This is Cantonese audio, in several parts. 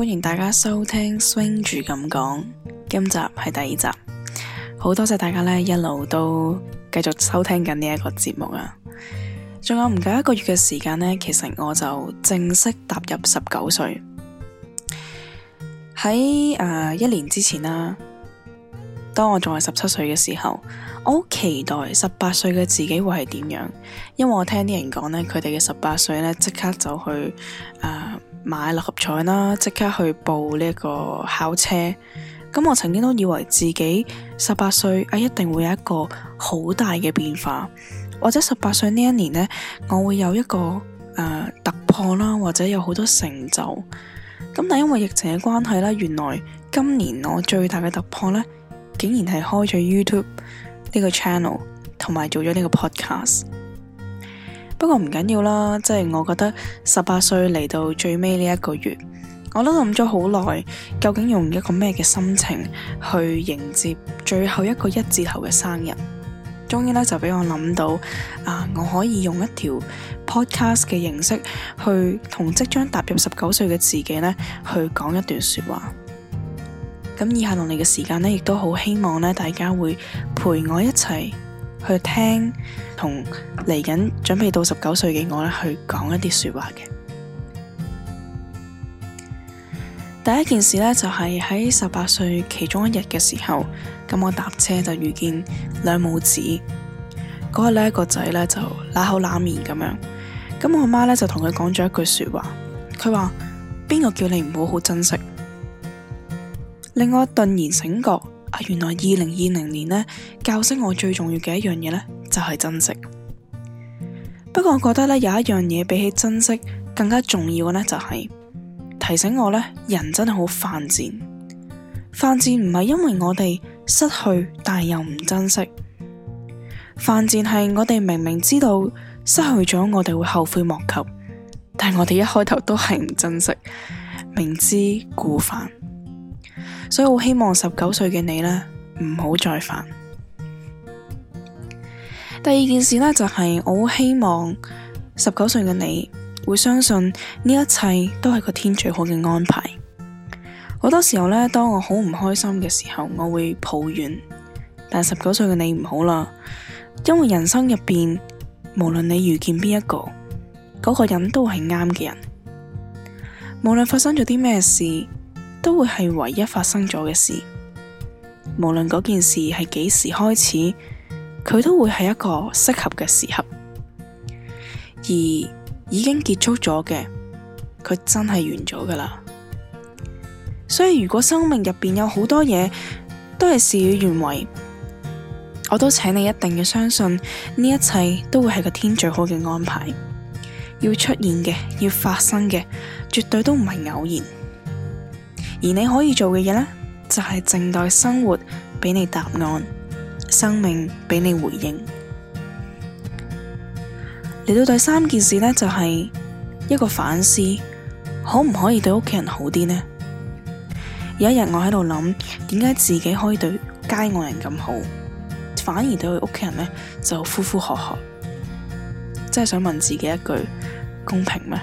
歡迎大家收聽 Swing 住咁講，今集係第二集，好多謝大家呢一路都繼續收聽緊呢一個節目啊！仲有唔夠一個月嘅時間呢，其實我就正式踏入十九歲。喺誒、呃、一年之前啦，當我仲係十七歲嘅時候，我好期待十八歲嘅自己會係點樣，因為我聽啲人講呢佢哋嘅十八歲呢，即刻就去誒。呃買六合彩啦，即刻去報呢個考車。咁我曾經都以為自己十八歲啊，一定會有一個好大嘅變化，或者十八歲呢一年呢，我會有一個誒、呃、突破啦，或者有好多成就。咁但因為疫情嘅關係啦，原來今年我最大嘅突破呢，竟然係開咗 YouTube 呢個 channel，同埋做咗呢個 podcast。不過唔緊要啦，即係我覺得十八歲嚟到最尾呢一個月，我都諗咗好耐，究竟用一個咩嘅心情去迎接最後一個一字頭嘅生日？終於咧就俾我諗到啊，我可以用一條 podcast 嘅形式去同即將踏入十九歲嘅自己呢去講一段說話。咁以下落嚟嘅時間呢，亦都好希望呢大家會陪我一齊。去聽同嚟緊準備到十九歲嘅我咧，去講一啲說話嘅。第一件事呢，就係喺十八歲其中一日嘅時候，咁、嗯、我搭車就遇見兩母子，嗰、那個女一個仔呢就嗱口嗱面咁樣，咁、嗯、我媽呢，就同佢講咗一句說話，佢話，邊個叫你唔好好珍惜，令我頓然醒覺。啊，原來二零二零年呢，教識我最重要嘅一樣嘢呢，就係珍惜。不過我覺得咧，有一樣嘢比起珍惜更加重要嘅呢，就係提醒我呢，人真係好犯賤。犯賤唔係因為我哋失去，但係又唔珍惜。犯賤係我哋明明知道失去咗，我哋會後悔莫及，但係我哋一開頭都係唔珍惜，明知故犯。所以我希望十九歲嘅你呢，唔好再煩。第二件事呢，就係、是、我好希望十九歲嘅你會相信呢一切都係個天最好嘅安排。好多時候呢，當我好唔開心嘅時候，我會抱怨。但十九歲嘅你唔好啦，因為人生入邊，無論你遇見邊一個嗰、那個人，都係啱嘅人。無論發生咗啲咩事。都會係唯一發生咗嘅事，無論嗰件事係幾時開始，佢都會係一個適合嘅時刻。而已經結束咗嘅，佢真係完咗㗎喇。所以如果生命入邊有好多嘢都係事與願違，我都請你一定要相信，呢一切都會係個天最好嘅安排，要出現嘅，要發生嘅，絕對都唔係偶然。而你可以做嘅嘢呢，就係靜待生活畀你答案，生命畀你回應。嚟到第三件事呢，就係一個反思，可唔可以對屋企人好啲呢？有一日我喺度諗，點解自己可以對街外人咁好，反而對佢屋企人呢，就呼呼喝喝？即係想問自己一句，公平咩？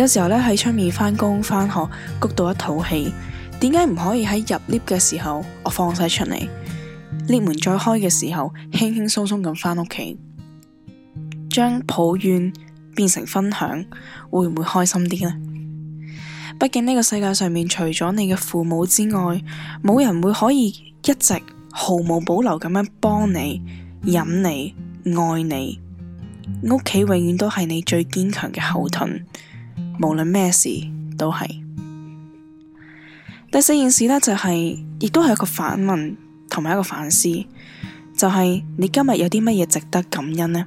有時候咧喺出面返工返學谷到一肚氣，點解唔可以喺入 lift 嘅時候我放晒出嚟？lift 門再開嘅時候，輕輕鬆鬆咁返屋企，將抱怨變成分享，會唔會開心啲呢？畢竟呢個世界上面，除咗你嘅父母之外，冇人會可以一直毫無保留咁樣幫你、忍你、愛你。屋企永遠都係你最堅強嘅後盾。無論咩事都係，第四件事呢，就係，亦都係一個反問同埋一個反思，就係你今日有啲乜嘢值得感恩呢？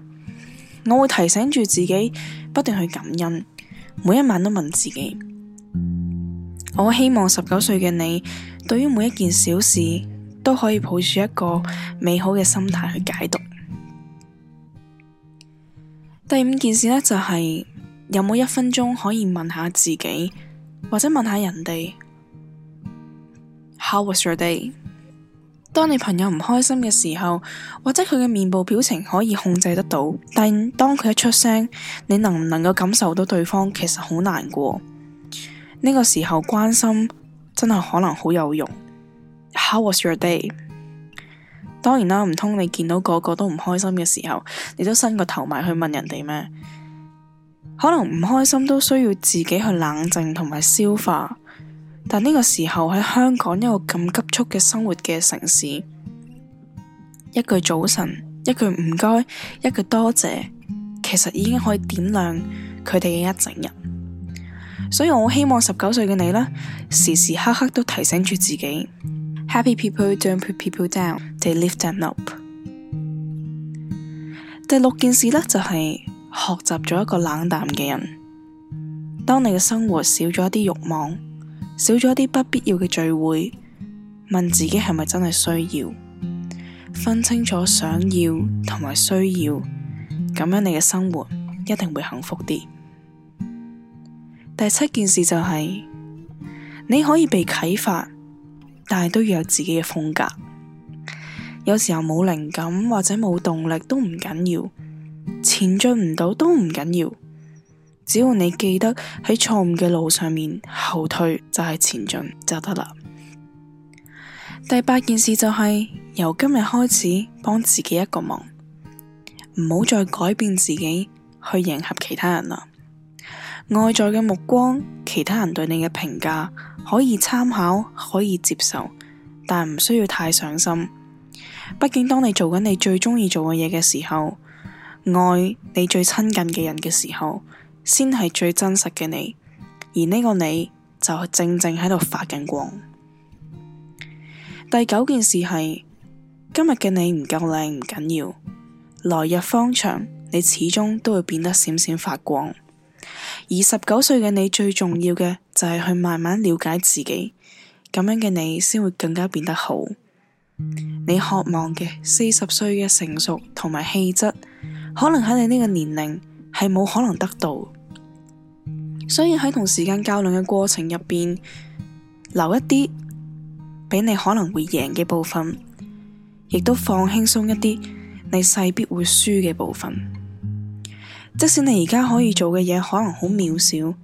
我會提醒住自己，不斷去感恩，每一晚都問自己。我希望十九歲嘅你，對於每一件小事都可以抱住一個美好嘅心態去解讀。第五件事呢，就係。有冇一分鐘可以問下自己，或者問下人哋？How was your day？當你朋友唔開心嘅時候，或者佢嘅面部表情可以控制得到，但當佢一出聲，你能唔能夠感受到對方其實好難過？呢個時候關心真係可能好有用。How was your day？當然啦，唔通你見到個個都唔開心嘅時候，你都伸個頭埋去問人哋咩？可能唔開心都需要自己去冷靜同埋消化，但呢個時候喺香港一個咁急速嘅生活嘅城市，一句早晨，一句唔該，一句多謝，其實已經可以點亮佢哋嘅一整日。所以我好希望十九歲嘅你呢，時時刻刻都提醒住自己，Happy people don't put people down，they lift them up。第六件事呢就係。學習咗一個冷淡嘅人，當你嘅生活少咗一啲慾望，少咗一啲不必要嘅聚會，問自己係咪真係需要，分清楚想要同埋需要，咁樣你嘅生活一定會幸福啲。第七件事就係你可以被啟發，但係都要有自己嘅風格。有時候冇靈感或者冇動力都唔緊要。前進唔到都唔緊要，只要你記得喺錯誤嘅路上面後退就係前進就得啦。第八件事就係由今日開始幫自己一個忙，唔好再改變自己去迎合其他人啦。外在嘅目光，其他人對你嘅評價可以參考，可以接受，但唔需要太上心。畢竟當你做緊你最中意做嘅嘢嘅時候愛你最親近嘅人嘅時候，先係最真實嘅你，而呢個你就正正喺度發緊光。第九件事係今日嘅你唔夠靚，唔緊要，來日方長，你始終都會變得閃閃發光。而十九歲嘅你最重要嘅就係去慢慢了解自己，咁樣嘅你先會更加變得好。你渴望嘅四十歲嘅成熟同埋氣質，可能喺你呢個年齡係冇可能得到，所以喺同時間較量嘅過程入邊，留一啲俾你可能會贏嘅部分，亦都放輕鬆一啲你勢必會輸嘅部分。即使你而家可以做嘅嘢可能好渺小，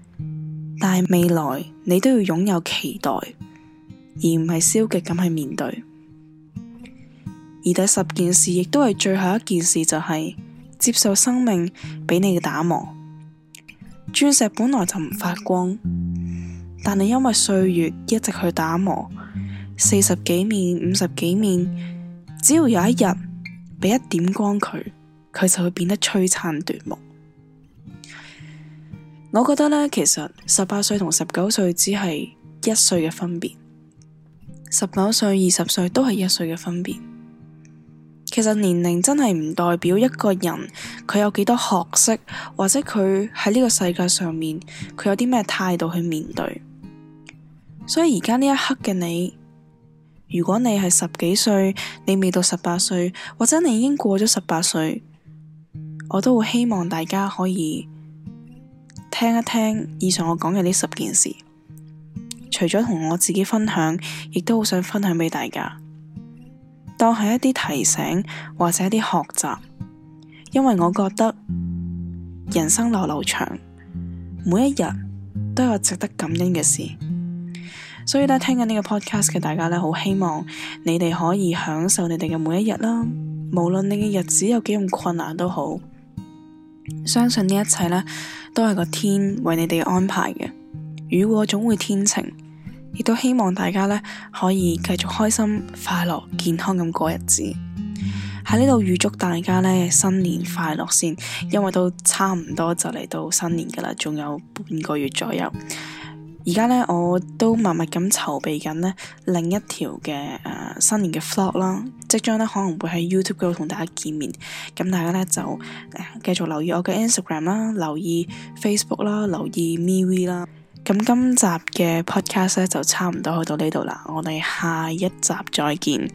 但係未來你都要擁有期待，而唔係消極咁去面對。而第十件事亦都係最後一件事，就係，就係。接受生命畀你嘅打磨，鑽石本來就唔發光，但你因為歲月一直去打磨，四十幾面、五十幾面，只要有一日畀一點光佢，佢就會變得璀璨奪目。我覺得咧，其實十八歲同十九歲只係一歲嘅分別，十九歲、二十歲都係一歲嘅分別。其實年齡真係唔代表一個人佢有幾多學識，或者佢喺呢個世界上面佢有啲咩態度去面對。所以而家呢一刻嘅你，如果你係十幾歲，你未到十八歲，或者你已經過咗十八歲，我都會希望大家可以聽一聽以上我講嘅呢十件事。除咗同我自己分享，亦都好想分享俾大家。當係一啲提醒或者一啲學習，因為我覺得人生流流長，每一日都有值得感恩嘅事。所以咧，聽緊呢個 podcast 嘅大家咧，好希望你哋可以享受你哋嘅每一日啦。無論你嘅日子有幾咁困難都好，相信呢一切咧都係個天為你哋安排嘅，雨過總會天晴。亦都希望大家咧可以繼續開心、快樂、健康咁過日子。喺呢度預祝大家咧新年快樂先，因為都差唔多就嚟到新年噶啦，仲有半個月左右。而家咧我都默默咁籌備緊呢另一條嘅誒新年嘅 vlog 啦，即將咧可能會喺 YouTube 度同大家見面。咁大家咧就誒繼、呃、續留意我嘅 Instagram 啦，留意 Facebook 啦，留意 MeWe 啦。咁今集嘅 podcast 就差唔多去到呢度啦，我哋下一集再見。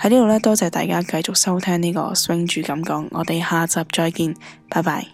喺呢度呢，多謝大家繼續收聽呢個 Swing 住咁講，我哋下集再見，拜拜。